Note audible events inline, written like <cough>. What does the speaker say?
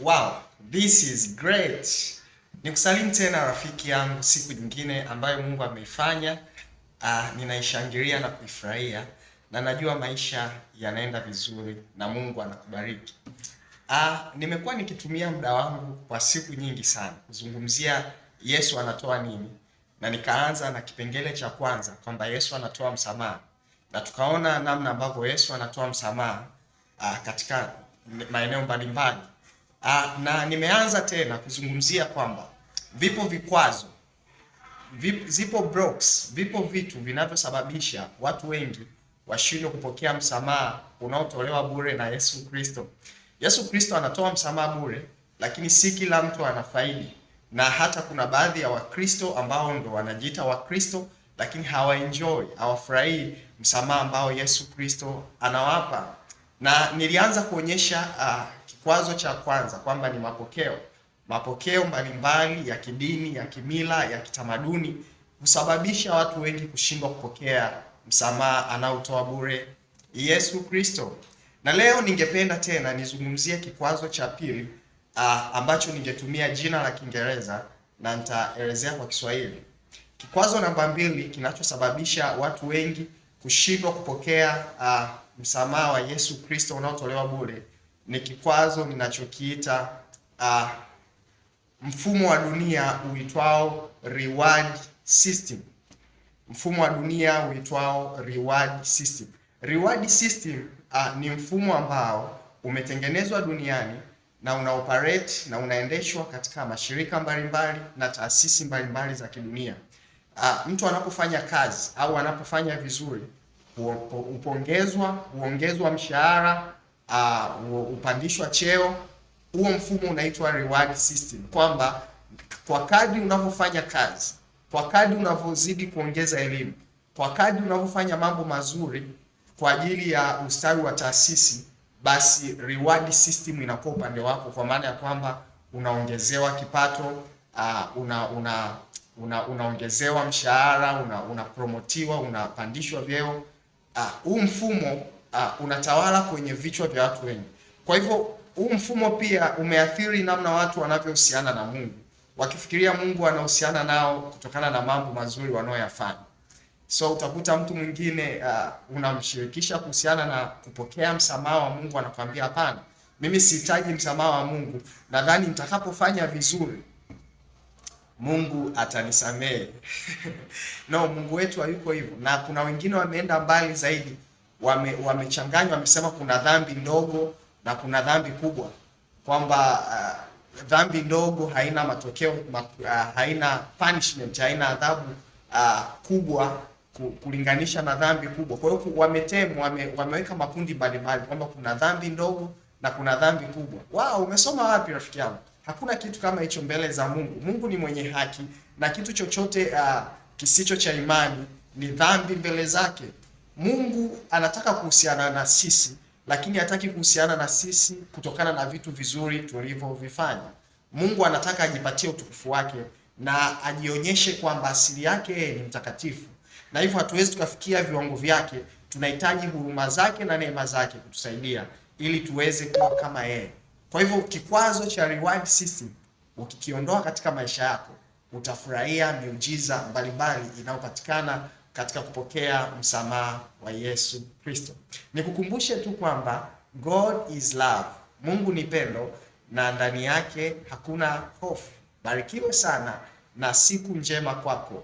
Wow, this is great. Ni kusalimu tena rafiki yangu siku nyingine ambayo Mungu ameifanya. Uh, ninaishangilia na kuifurahia na najua maisha yanaenda vizuri na Mungu anakubariki. Uh, nimekuwa nikitumia muda wangu kwa siku nyingi sana kuzungumzia Yesu anatoa nini, na nikaanza na kipengele cha kwanza kwamba Yesu anatoa msamaha, na tukaona namna ambavyo Yesu anatoa msamaha uh, katika maeneo mbalimbali Uh, na nimeanza tena kuzungumzia kwamba vipo vikwazo vip, zipo blocks, vipo vitu vinavyosababisha watu wengi washindwe kupokea msamaha unaotolewa bure na Yesu Kristo. Yesu Kristo anatoa msamaha bure, lakini si kila mtu anafaidi, na hata kuna baadhi ya Wakristo ambao ndo wanajiita Wakristo lakini hawaenjoy, hawafurahii msamaha ambao Yesu Kristo anawapa, na nilianza kuonyesha uh, Kikwazo cha kwanza kwamba ni mapokeo, mapokeo mbalimbali ya kidini, ya kimila, ya kitamaduni husababisha watu wengi kushindwa kupokea msamaha anaotoa bure Yesu Kristo. Na leo ningependa tena nizungumzie kikwazo cha pili ah, ambacho ningetumia jina la Kiingereza na nitaelezea kwa Kiswahili. Kikwazo namba mbili kinachosababisha watu wengi kushindwa kupokea ah, msamaha wa Yesu Kristo unaotolewa bure ni kikwazo ninachokiita uh, mfumo wa dunia uitwao reward system. Mfumo wa dunia uitwao reward system. Reward system uh, ni mfumo ambao umetengenezwa duniani na una operate na unaendeshwa katika mashirika mbalimbali na taasisi mbalimbali za kidunia. Uh, mtu anapofanya kazi au anapofanya vizuri, upongezwa, huongezwa mshahara uh, upandishwa cheo. Huo mfumo unaitwa reward system, kwamba kwa kadri unavyofanya kazi, kwa kadri unavyozidi kuongeza elimu, kwa kadri unavyofanya mambo mazuri kwa ajili ya ustawi wa taasisi, basi reward system inakuwa upande wako, kwa maana ya kwamba unaongezewa kipato uh, una una una unaongezewa mshahara, una, una unapandishwa vyeo. Uh, huu uh, mfumo uh, unatawala kwenye vichwa vya watu wengi. Kwa hivyo huu mfumo pia umeathiri namna watu wanavyohusiana na Mungu, wakifikiria Mungu anahusiana nao kutokana na mambo mazuri wanayoyafanya. So utakuta mtu mwingine uh, unamshirikisha kuhusiana na kupokea msamaha wa Mungu, anakuambia hapana, mimi sihitaji msamaha wa Mungu, nadhani nitakapofanya vizuri Mungu atanisamehe. <laughs> No, Mungu wetu hayuko hivyo, na kuna wengine wameenda mbali zaidi wamechanganywa, wame wamesema kuna dhambi ndogo na kuna dhambi kubwa, kwamba uh, dhambi ndogo haina matokeo mak, uh, haina punishment, haina adhabu uh, kubwa kulinganisha na dhambi kubwa. Kwa hiyo wametemwa, wame, wameweka makundi mbalimbali kwamba kuna dhambi ndogo na kuna dhambi kubwa. Wao umesoma wapi rafiki yangu? Hakuna kitu kama hicho mbele za Mungu. Mungu ni mwenye haki na kitu chochote uh, kisicho cha imani ni dhambi mbele zake. Mungu anataka kuhusiana na sisi, lakini hataki kuhusiana na sisi kutokana na vitu vizuri tulivyovifanya. Mungu anataka ajipatie utukufu wake na ajionyeshe kwamba asili yake ni mtakatifu, na hivyo hatuwezi tukafikia viwango vyake. Tunahitaji huruma zake na neema zake kutusaidia ili tuweze kuwa kama yeye. Kwa hivyo kikwazo cha reward system ukikiondoa katika maisha yako utafurahia miujiza mbalimbali inayopatikana katika kupokea msamaha wa Yesu Kristo. Nikukumbushe tu kwamba God is love, Mungu ni pendo na ndani yake hakuna hofu. Barikiwe sana na siku njema kwako.